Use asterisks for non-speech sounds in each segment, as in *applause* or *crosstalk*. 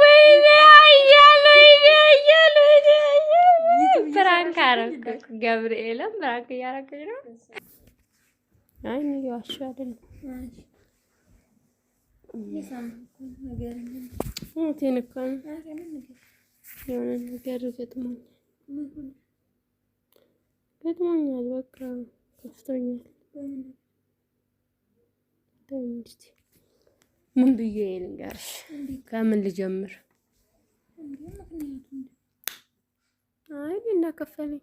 ወይኔ አያለ ወይኔ አያለ ብራንክ አረኩት። ገብርኤልም ብራንክ እያረኩኝ ነው። አይ እኔ ዋሻ አይደለም እንትን እኮ ነው የሆነ ነገር ገጥሞኛል ገጥሞኛል። በቃ ከፍቶኛል። ምን ብዬ ልንገርሽ? ከምን ልጀምር? አይ እኔና ከፈለኝ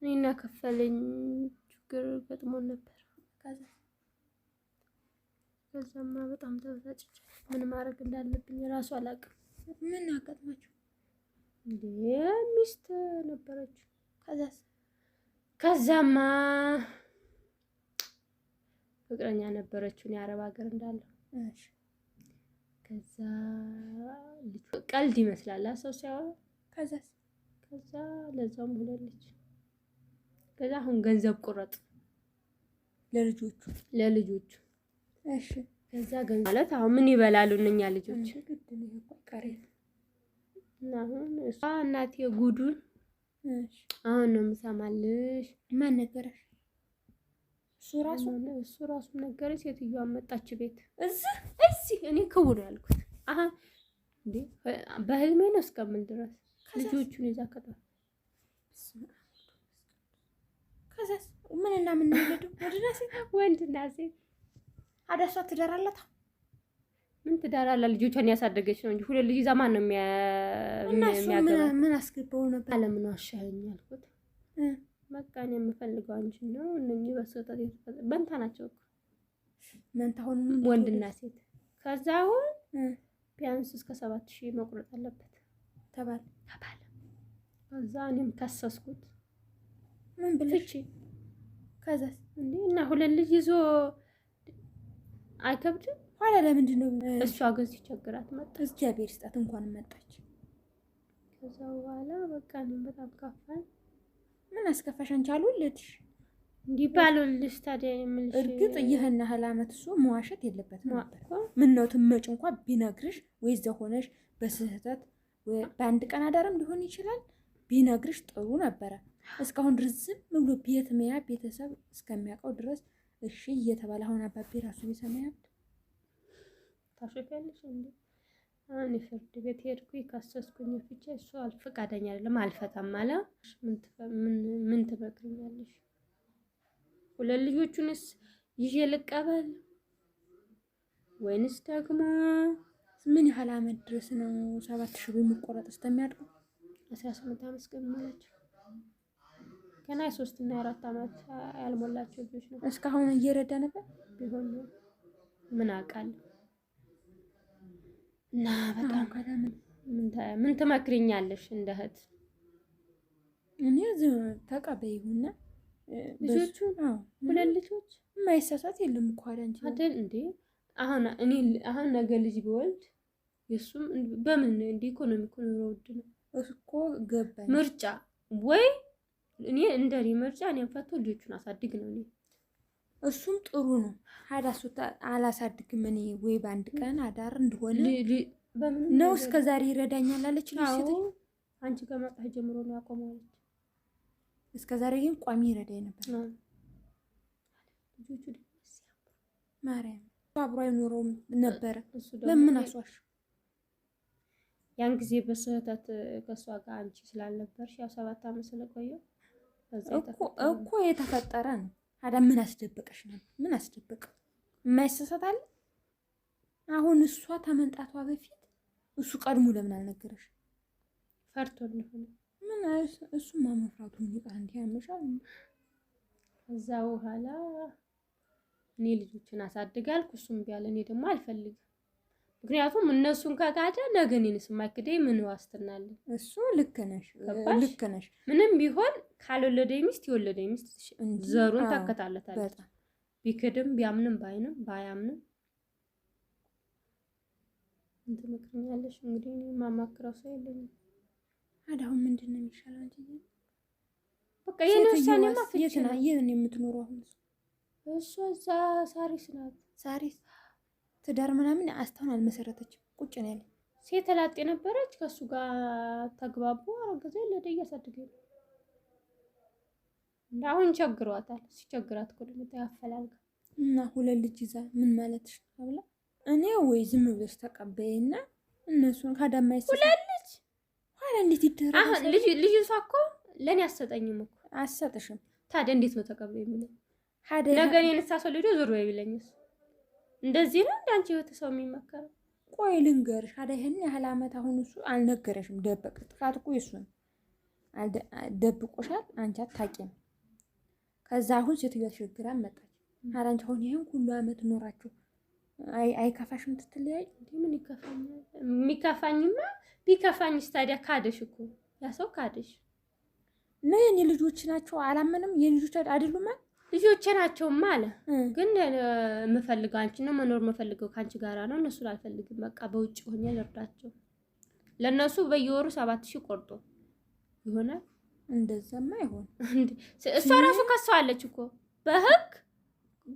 እኔና ከፈለኝ ችግር ገጥሞን ነበር። ከዛማ በጣም ተበሳጭቼ ምን ማድረግ እንዳለብኝ እራሱ አላውቅም። ምን አጋጥማችሁ? ሚስት ነበረች። ከዛማ ፍቅረኛ ነበረችውን የአረብ ሀገር እንዳለው ከዛ ቀልድ ይመስላል ሰው ሲያወራ። ከዛ ከዛ ለዛውም ሆነለች። ከዛ አሁን ገንዘብ ቁረጥ ለልጆቹ ለልጆቹ። እሺ ከዛ ገንዘብ ማለት አሁን ምን ይበላሉ እነኛ ልጆች? እና አሁን እሷ እናቴ ጉዱን አሁን ነው የምሰማልሽ። ማን ነገረሽ? እሱ ራሱ እሱ ራሱ ነገረ ሴትዮዋ መጣች ቤት እዚህ እዚህ እኔ ክቡር ያልኩት አሀ እንዴ በህልሜ ነው እስከምን ድረስ ልጆቹን ይዛ ከታ ከዛስ ምን እና ምን ወለዱ ወንድና ሴት ወንድና ሴት አዳሷ ትዳራላት ምን ትዳራላ ልጆቿን ያሳደገች ነው እንጂ ሁለት ልጅ ይዛ ማን ነው የሚያገባ ምን አስገባው ነበር አለምን ዋሻኸኝ ያልኩት በቃ እኔ የምፈልገው አንቺን ነው። እነኚህ በስህተት በንታ ናቸው እኮ መንታ፣ አሁን ወንድና ሴት። ከዛ አሁን ቢያንስ እስከ ሰባት ሺህ መቁረጥ አለበት ተባለ ተባለ። ከዛ እኔም ከሰስኩት ምን ብለሽ ከዛ እንዴ እና ሁለት ልጅ ይዞ አይከብድም? ኋላ ለምንድን ነው እሷ ግን ሲቸግራት መጣች። እግዚአብሔር ስጣት እንኳን መጣች። ከዛ በኋላ በቃ እኔም በጣም ካፋኝ ምን አስከፋሽ? አንቺ አልወለድሽ እንዲባሉልሽ ታዲያ የምልሽ እርግጥ ይህን ያህል ዓመት እሱ መዋሸት የለበትም ነበር። ምነው ትመጭ እንኳ ቢነግርሽ ወይ እዛ ሆነሽ በስህተት በአንድ ቀን አዳርም ሊሆን ይችላል ቢነግርሽ ጥሩ ነበረ። እስካሁን ርዝም ብሎ ቤት መያ ቤተሰብ እስከሚያውቀው ድረስ እሺ እየተባለ አሁን አባቤ ራሱ ቤተመያ ታሸፊያለሽ እንዴ? እኔ ፍርድ ቤት ሄድኩኝ ካሰስኩኝ ፍቼ እሱ ፈቃደኛ አይደለም አልፈታም አለ። ምን ትመክሪኛለሽ? ሁለት ልጆቹንስ ይዤ ልቀበል ወይንስ ደግሞ ምን ያህል አመት ድረስ ነው ሰባት ሺህ ብር የሚቆረጥ እስከሚያድገው አስራ ስምንት አመት ግን ማለት ገና ሶስት እና አራት አመት ያልሞላቸው ልጆች ነው። እስካሁን እየረዳ ነበር ቢሆን ምን አውቃለሁ እና በጣም ምን ትመክሪኛለሽ እንደ እህት? እኔ ተቀበይሁና ልጆቹ ሁለት ልጆች የማይሳሳት የለም እኮ አንቺ አይደል እንዴ? አሁን እኔ አሁን ነገ ልጅ ቢወልድ የእሱም በምን እንደ ኢኮኖሚ እኮ ኑሮ ውድ ነው እኮ ገባኝ። ምርጫ ወይ እኔ እንደኔ ምርጫ እኔም ፈቶ ልጆቹን አሳድግ ነው እኔ እሱም ጥሩ ነው። አዳሱት አላሳድግም እኔ ወይ በአንድ ቀን አዳር እንደሆነ ነው እስከ ዛሬ ይረዳኛል አለች። አንቺ ከመጣሽ ጀምሮ ነው ያቆመዋለች። እስከ ዛሬ ግን ቋሚ ይረዳኝ ነበር። ማርያም አብሮ አይኖረውም ነበረ። ለምን አስዋሽ? ያን ጊዜ በስህተት ከእሷ ጋር አንቺ ስላልነበርሽ ያው ሰባት አመት ስለቆየው እኮ የተፈጠረ ነው አዳም ምን አስደበቀሽ ነው? ምን አስደበቅ? የማይሰሰታል አሁን እሷ ተመንጣቷ በፊት እሱ ቀድሞ ለምን አልነገረሽ? ፈርቶ ሊሆን ምን እሱ ማመፍራቱ ይቃ እንዲህ ያመሻል። ከዛ በኋላ እኔ ልጆችን አሳድጋልኩ እሱም ቢያለ እኔ ደግሞ አልፈልግም ምክንያቱም እነሱን ከካደ ነገ እኔንስ ማክደኝ ምን ዋስትና አለ? እሱ ልክ ነሽ፣ ልክ ነሽ። ምንም ቢሆን ካልወለደ ሚስት የወለደ ሚስት ዘሩን ታከታለታለች። ቢክድም ቢያምንም ባይንም ባያምንም እንትን ምክንያለሽ። እንግዲህ ማማክረው ሰው የለኝም። አዳሁን ምንድን ነው የሚሻለው? አንቺ በቃ ይህን ውሳኔ ማፍጨት ነው። የምትኖረው አሁን እሷ እዛ ሳሪስ ናት፣ ሳሪስ ትዳር ምናምን አስታውን አልመሰረተችም። ቁጭ ነው ያለ ሴት ላጤ የነበረች ከእሱ ጋር ተግባቡ፣ አረገዘ፣ ወለደ፣ እያሳደገ አሁን ቸግሯታል። ሲቸግራት እኮ ደግሞ ያፈላልጋ እና ሁለት ልጅ ይዛ ምን ማለት ብላ እኔ ወይ ዝም ብለሽ ተቀበይና እነሱን ካዳማ ሁለት ልጅ ኋላ እንዴት ይደረግ? አሁን ልጅ ልጅ እሷ እኮ ለእኔ አሰጠኝም እኮ አሰጥሽም። ታዲያ እንዴት ነው ተቀበይ የሚለው? ነገ እኔን ሳስወልዶ ዞር ወይ ቢለኝስ እንደዚህ ነው እንዳንቺ ህይወት ሰው የሚመከረው። ቆይ ልንገርሽ፣ አዳ ይህን ያህል አመት አሁን እሱ አልነገረሽም። ደበቅ ጥቃት እኮ የሱ ነው። ደብቆሻል፣ አንቺ አታውቂም። ከዛ አሁን ሴትዮዋ ተሸግራን መጣች። ኧረ አሁን ይህን ሁሉ አመት ኖራችሁ አይከፋሽም? ትትለያይ ምን ይከፋኛል? የሚከፋኝማ ቢከፋኝስ ታዲያ ካደሽ እኮ ያ ሰው ካደሽ ነው። የኔ ልጆች ናቸው አላመንም። የልጆች አይደሉማ ልጆቼ ናቸውማ አለ። ግን የምፈልገው አንቺ ነው፣ መኖር የምፈልገው ከአንቺ ጋራ ነው። እነሱን አልፈልግም። በቃ በውጭ ሆኜ ልርዳቸው። ለእነሱ በየወሩ ሰባት ሺህ ቆርጦ ይሆናል። እንደዛማ ይሆን እሷ ራሱ ከሰዋለች እኮ በህግ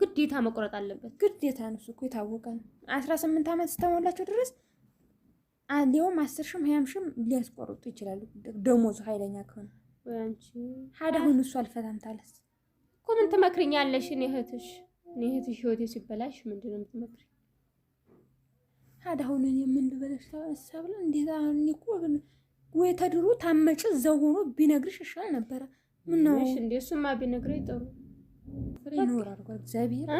ግዴታ መቁረጥ አለበት። ግዴታ ነው እኮ የታወቀ ነው። አስራ ስምንት ዓመት ስተሞላቸው ድረስ ሊሆም አስር ሽም ሀያም ሽም ሊያስቆርጡ ይችላሉ። ደሞዙ ኃይለኛ ከሆነ ሀደ ሁን እሱ አልፈታም ታለስ እኮ ምን ትመክርኛለሽ? እኔ እህትሽ እኔ እህትሽ ህይወቴ ሲበላሽ ምንድን ነው የምትመክሪ? አዳሁን እኔ ምን ልበለሽ? ታሳብለ እንዴት አሁን እኮ ወይ ተድሮ ታመጭ ዘው ሆኖ ቢነግርሽ ይሻል ነበረ። ምን ነው እሺ፣ እንዴ እሱማ ቢነግረኝ ጥሩ ይኖራል። እግዚአብሔር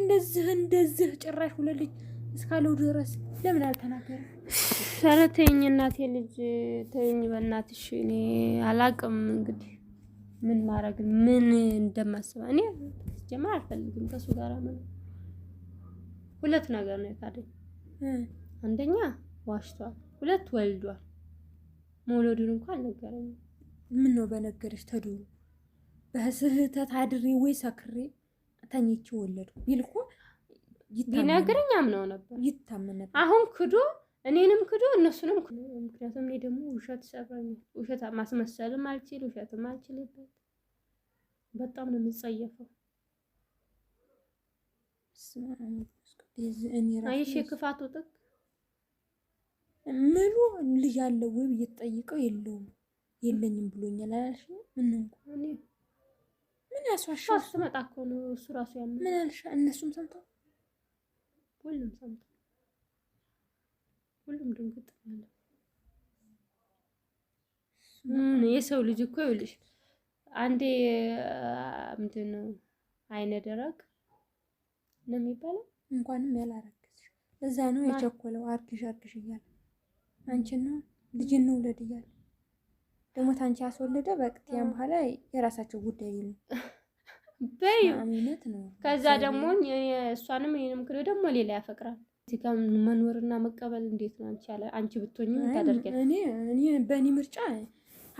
እንደዚህ እንደዚህ ጭራሽ ሁለት ልጅ እስካለው ድረስ ለምን አልተናገረ? ኧረ ተይኝ እናቴ ልጅ ተይኝ በእናትሽ። እኔ አላቅም እንግዲህ ምን ማድረግ ምን እንደማስብ እኔ ጀማር አልፈልግም ከሱ ጋር ምን ሁለት ነገር ነው የካደኝ። አንደኛ ዋሽቷል፣ ሁለት ወልዷል። መውለዱን እንኳን አልነገረኝ። ምን ነው በነገረች ተድሮ በስህተት አድሬ ወይ ሰክሬ ተኝቼ ወለድኩ ቢል እኮ ቢነግረኝ አምነው ነበር፣ ይታመን ነበር። አሁን ክዶ እኔንም ክዶ እነሱንም ክዶ። ምክንያቱም እኔ ደግሞ ውሸት ሰራኝ፣ ውሸት ማስመሰልም አልችል፣ ውሸትም አልችልበት። በጣም ነው የምጸየፈው። አይሽ የክፋቱ ጥቅ ምሉ ልጅ አለው ወይ እየተጠይቀው የለውም የለኝም ብሎኛል አላልሽ? ምን ነው ምን ያስዋሻ? ስትመጣ እኮ ነው እሱ ራሱ ያለ ምን አልሻ? እነሱም ሰምተው ሁሉም ሰምተው ሁሉም ድንግጥ ማለት የሰው ልጅ እኮ ይኸውልሽ አንዴ ምንድን ነው አይነ ደረቅ ነው የሚባለው። እንኳንም ያላረገዝሽ እዛ ነው የቸኮለው። አርግሽ አርግሽ እያለ አንቺን ነው ልጅን ነው ውለድ እያለ ደግሞ ታንቺ ያስወለደ በቅት ያም በኋላ የራሳቸው ጉዳይ ነው በይ። ከዛ ደግሞ እሷንም እኔንም ክሎ ደግሞ ሌላ ያፈቅራል እዚህ ጋር መኖርና መቀበል እንዴት ነው? አንቺ ያለ አንቺ ብትሆኚ ታደርገኝ? እኔ እኔ በእኔ ምርጫ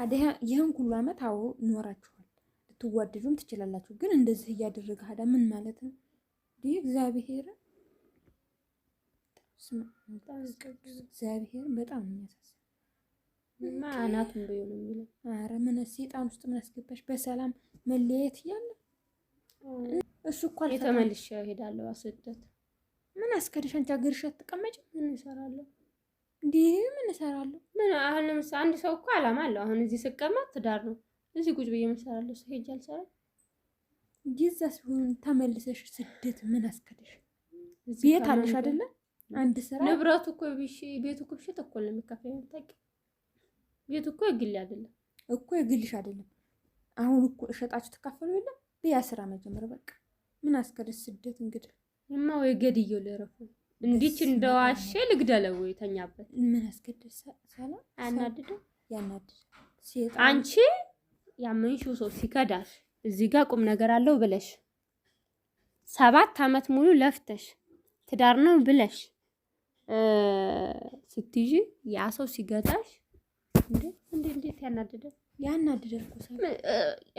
አደያ ይህን ሁሉ አመት አዎ ኖራችኋል፣ ልትዋደዱም ትችላላችሁ። ግን እንደዚህ እያደረገ ሀዳ ምን ማለት ነው? ይህ እግዚአብሔር እግዚአብሔር በጣም የሚያሳስብ አናቱን ብዬ ነው የሚለው። ኧረ ምን ሴጣን ውስጥ ምን አስገባሽ? በሰላም መለያየት እያለ እሱ እኮ ተመልሼ እሄዳለሁ አስወደት ምን አስከድሽ አንቺ ሀገርሽ አትቀመጭም? ምን እሰራለሁ እንዲህ ምን እሰራለሁ? ምን አሁን ለምሳሌ አንድ ሰው እኮ አላማ አለው። አሁን እዚህ ስቀመጥ ትዳር ነው። እዚህ ቁጭ ብዬ ምን እሰራለሁ? ሰው ሄጅ አልሰራም። ጊዛስ ቢሆን ተመልሰሽ ስደት ምን አስከድሽ? ቤት አለሽ አይደለ? አንድ ስራ ንብረቱ እኮ ቢሽ ቤቱ እኮ ቢሽ ተኮል ነው የሚከፍለው። የምታውቂው ቤቱ እኮ የግል አይደለም እኮ የግልሽ አይደለም። አሁን እኮ እሸጣችሁ ተካፈሉ የለም። በያ ስራ መጀመር በቃ ምን አስከድሽ ስደት እንግዲህ እማ ወይ ገድየው ለረፉ እንዲች እንደዋሸ ልግደለው የተኛበት ምን አስገድድ ሰላ አያናድድም? ያናድድ አንቺ ያመንሽው ሰው ሲከዳሽ እዚህ ጋር ቁም ነገር አለው ብለሽ ሰባት አመት ሙሉ ለፍተሽ ትዳር ነው ብለሽ ስትይዥ ያ ሰው ሲገዳሽ እንዴ እንዴ እንዴት ያናድዳል? ያን አድርጎ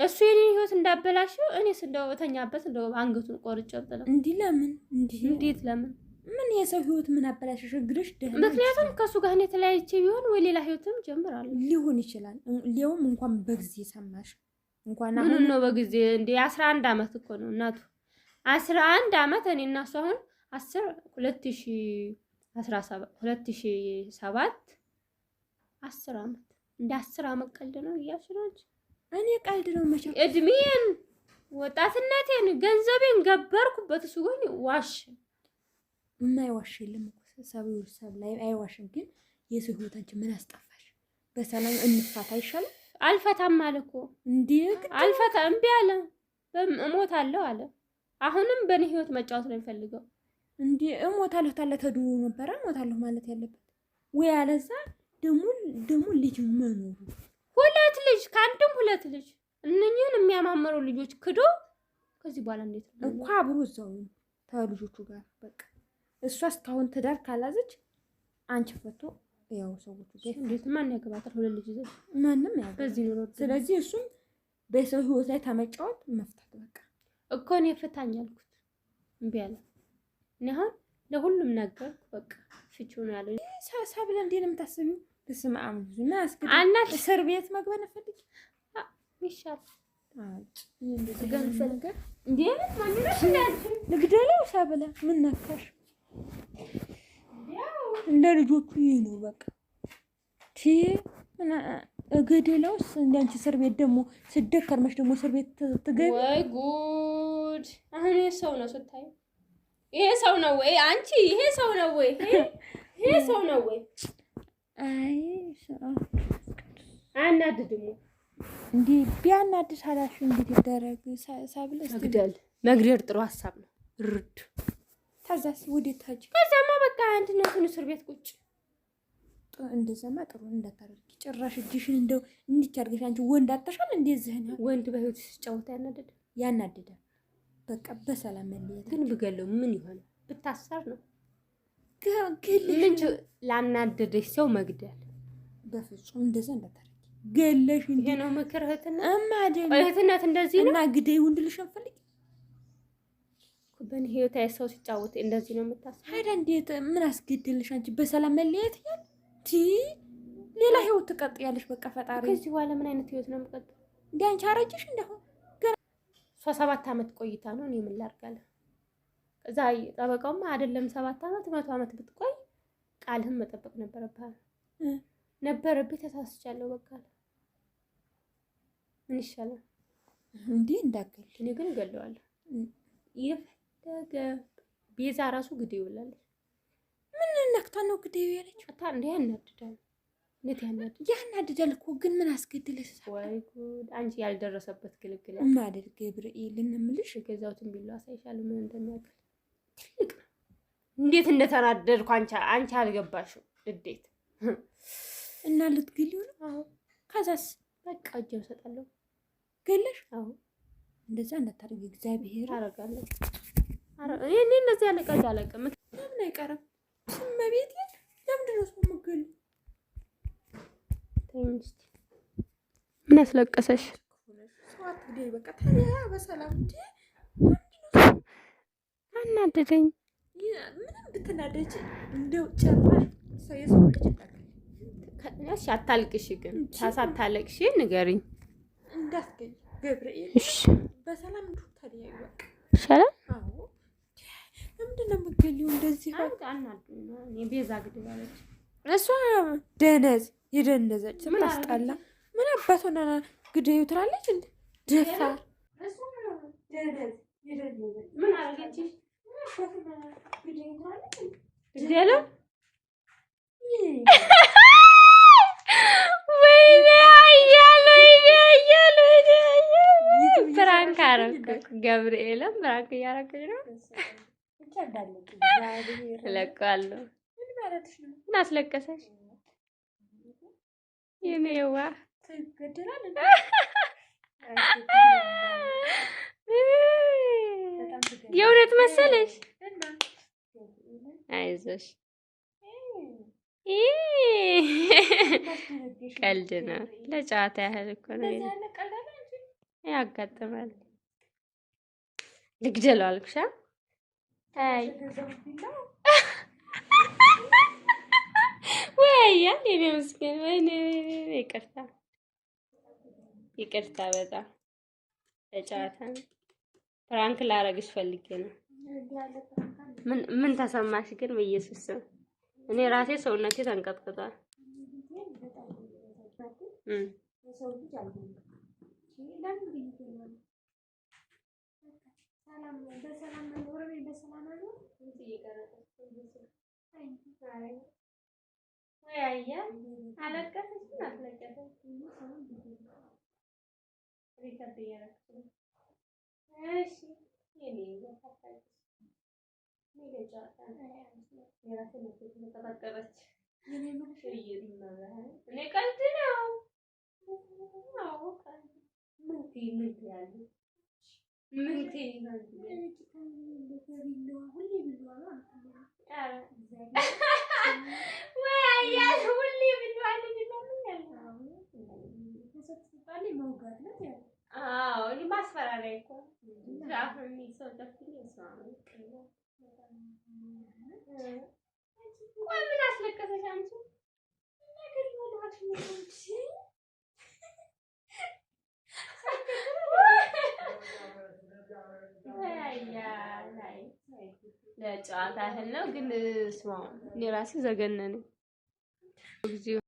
እሱ የኔን ህይወት እንዳበላሸው እኔ እንደው እተኛበት እንደው አንገቱን ቆርጬ ብለው እንዲህ ለምን እንዲህ እንዴት ለምን ምን የሰው ህይወት ምን አበላሽ ሸግርሽ ደህ ምክንያቱም ከእሱ ጋር እኔ ተለያይቼ ቢሆን ወይ ሌላ ህይወትም ጀምራለሁ ሊሆን ይችላል። ሊያውም እንኳን በጊዜ ሰማሽ እንኳን አሁን ነው በጊዜ እንደ አስራ አንድ አመት እኮ ነው እናቱ አስራ አንድ አመት እኔ እና እሱ አሁን አስር ሁለት ሺ አስራ ሰባት ሁለት ሺ ሰባት አስር አመት እንደ አስር አመት ቀልድ ነው እያልሽ ነው እኔ ቀልድ ነው መቼ እድሜን ወጣትነቴን ገንዘቤን ገበርኩበት። እሱ ግን ዋሽ እና አይዋሽ የለም ሰብ ሰብ ላይ አይዋሽም። ግን የሰው ህይወታችን ምን አስጠፋሽ? በሰላም እንፋታ አይሻልም? አልፈታም አለ እኮ እንዴ! አልፈታ እምቢ አለ። እሞታለሁ አለ። አሁንም በእኔ ህይወት መጫወት ነው የሚፈልገው። እንዴ እሞታለሁ ታለ ተድቦ ነበረ እሞታለሁ ማለት ያለበት ወይ አለዛ ደግሞ ልጅ መኖሩ ሁለት ልጅ ከአንድም ሁለት ልጅ እነኝህን የሚያማምሩ ልጆች ክዶ ከዚህ በኋላ እንዴት እኮ አብሮ እዛው ከልጆቹ ጋር በቃ እሷ እስካሁን ትዳር ካላዘች አንቺ ፈቶ ያው ሰዎቹ እንዴት ማን ያገባታል? ሁለት ልጅ ይዘሽ ማንም ያገባ በዚህ ኑሮ። ስለዚህ እሱም በሰው ህይወት ላይ ተመጫወት መፍታት በቃ እኮ እኔ ፍታኝ አልኩት እምቢ አለ። እኔ አሁን ለሁሉም ነገር በቃ ፍቺው ነው ያለው። ሳብላ እንዴት ነው የምታስቢው? በስመ አብ እና አስገድድ እስር ቤት መግባት ነፈልግ ይሻላል። ልግደለው ምን ነካሽ? ለልጆቹ ይህ ነው በቃ እገደለውስ እንደ አንቺ እስር ቤት ደግሞ ስደት ከርመሽ ደግሞ እስር ቤት ትገቢ ወይ ጉድ! አሁን ይሄ ሰው ነው ስታይ፣ ይሄ ሰው ነው ወይ አንቺ? ይሄ ሰው ነው ወይ? ይሄ ሰው ነው ወይ? አይ አናድድም እንዴ? ቢያናድድ ይደረግ መግደል መግደል ጥሩ ሀሳብ ነው። ርድ ታዛስ ወዴት ታጅ ከዛማ በቃ አንድነቱን እስር ቤት ቁጭ እንደዛማ ጥሩ እንዳታደርጊ። ጭራሽ እጅሽን እንደው እንዲች አድርገሽ አንቺ ወንድ አጥተሻል። እንደዚህ ነው ወንድ በህይወት ሲጫወት ያናደደ ያናደደ። በቃ በሰላም መለየት ግን ብገለው ምን ይሆናል? ብታሰር ነው ግልሽ ላናደደሽ ሰው መግደል በፍጹም እንደዛ እንዳታደርጊ። ገለሽ ይሄ ነው ምክር እህትነት። እማደን እህትነት እንደዚህ ነው እና ግደይ ወንድ ልሽ አንፈልግ በእኔ ህይወት ሰው ሲጫወት እንደዚህ ነው የምታስብ። ሀዳ እንዴት ምን አስገድልሽ አንቺ? በሰላም መለየት ያል ቲ ሌላ ህይወት ትቀጥያለሽ። በቃ ፈጣሪ ከዚህ በኋላ ምን አይነት ህይወት ነው የምቀጥ? እንዲ አንቺ አረጅሽ እንደሆን ገና ሰባት አመት ቆይታ ነው እኔ ምን ላድርጋለሁ? እዛ ጠበቃውማ አይደለም ሰባት ዓመት መቶ ዓመት ብትቆይ ቃልህን መጠበቅ ነበረብህ። ነበረብኝ ተሳስቻለሁ፣ በቃ ምን ይሻላል እንዲህ እንዳገል እኔ ግን እገለዋለሁ። የፈለገ ቤዛ ራሱ ግዴ ይውላለች። ምን ነክታ ነው ግዴ ያለችው? አታ እንዴ ያናድዳል። እንዴት ያናድዳል? ያናድዳል እኮ ግን ምን አስገድለሽ? ወይ ጉድ! አንቺ ያልደረሰበት ግልግል። እናድር ገብርኤልን እምልሽ የገዛሁትን ቢላዋ አሳይሻለሁ ምን እንደሚያክል ትልቅ ነው። እንዴት እንደተናደድኩ አንቺ አልገባሽም። እንዴት እና ልትገሊው ነው? ከዛስ በቃ እጄ እሰጣለሁ። ገለሽ? አዎ እንደዛ እንዳታደርጊ እግዚአብሔር። አረጋለሁ። ይህኔ እንደዚህ አለቃጅ አለቅም። ለምን አይቀርም ስመቤት ለምንድን ነው ሰው የምገሉ? ምን አስለቀሰሽ? በቃ በሰላም አናደደኝ። ምንም ብትናደጅ እንደው ጨራሽ አታልቅሽ፣ ግን ታሳታለቅሽ ንገሪኝ እንዳትገኝ ገብርኤል። በሰላም ይሻላል። ለምንድን ነው የምትገሊው እንደዚህ? ቤዛ እሷ ደነዝ የደነዘች ስታስጣላ ምን አባት ሆና ግደዩ ትላለች። ደፋ ምን አረገችሽ? ፕራንክ አረኩ። ገብርኤልም ፕራንክ እያረኩኝ ነው። እለቀዋለሁ። ምን አስለቀሰሽ? የኔ የዋ የእውነት መሰለሽ? አይዞሽ፣ ቀልድ ነው። ለጨዋታ ያህል እኮ ነው። ያጋጥማል። ልግደለው አልኩሽ። አይ *laughs* ወያ የኔ ምስኪን፣ ወይኔ ይቅርታ፣ ይቅርታ በጣም ለጨዋታ ነው። ፍራንክ ላረግሽ ፈልጌ ነው። ምን ምን ተሰማሽ ግን? በኢየሱስ ስም እኔ ራሴ ሰውነቴ ተንቀጥቅጧል። አለቀሰች አለቀሰች Her şey yediğimde patlarız. Nereye zaten? Merak etme sesini kapat kapat. Yemek şey yedim ben de. Ne kaldı ne o? Ne o kaldı? Mıntı mıntı yani. ምንቴ ወያዝ ሁሌ ብለዋል ብላ ምን ያለ ሰው ትባል መውጋት ነው ያለ እኔ ማስፈራሪያ እኮ ሰው ደፍኝ ቆይ ምን አስለቀሰሽ አንቺ? ለጨዋታ ያህል ነው ግን ስማ እኔ ራሴ ዘገነነኝ።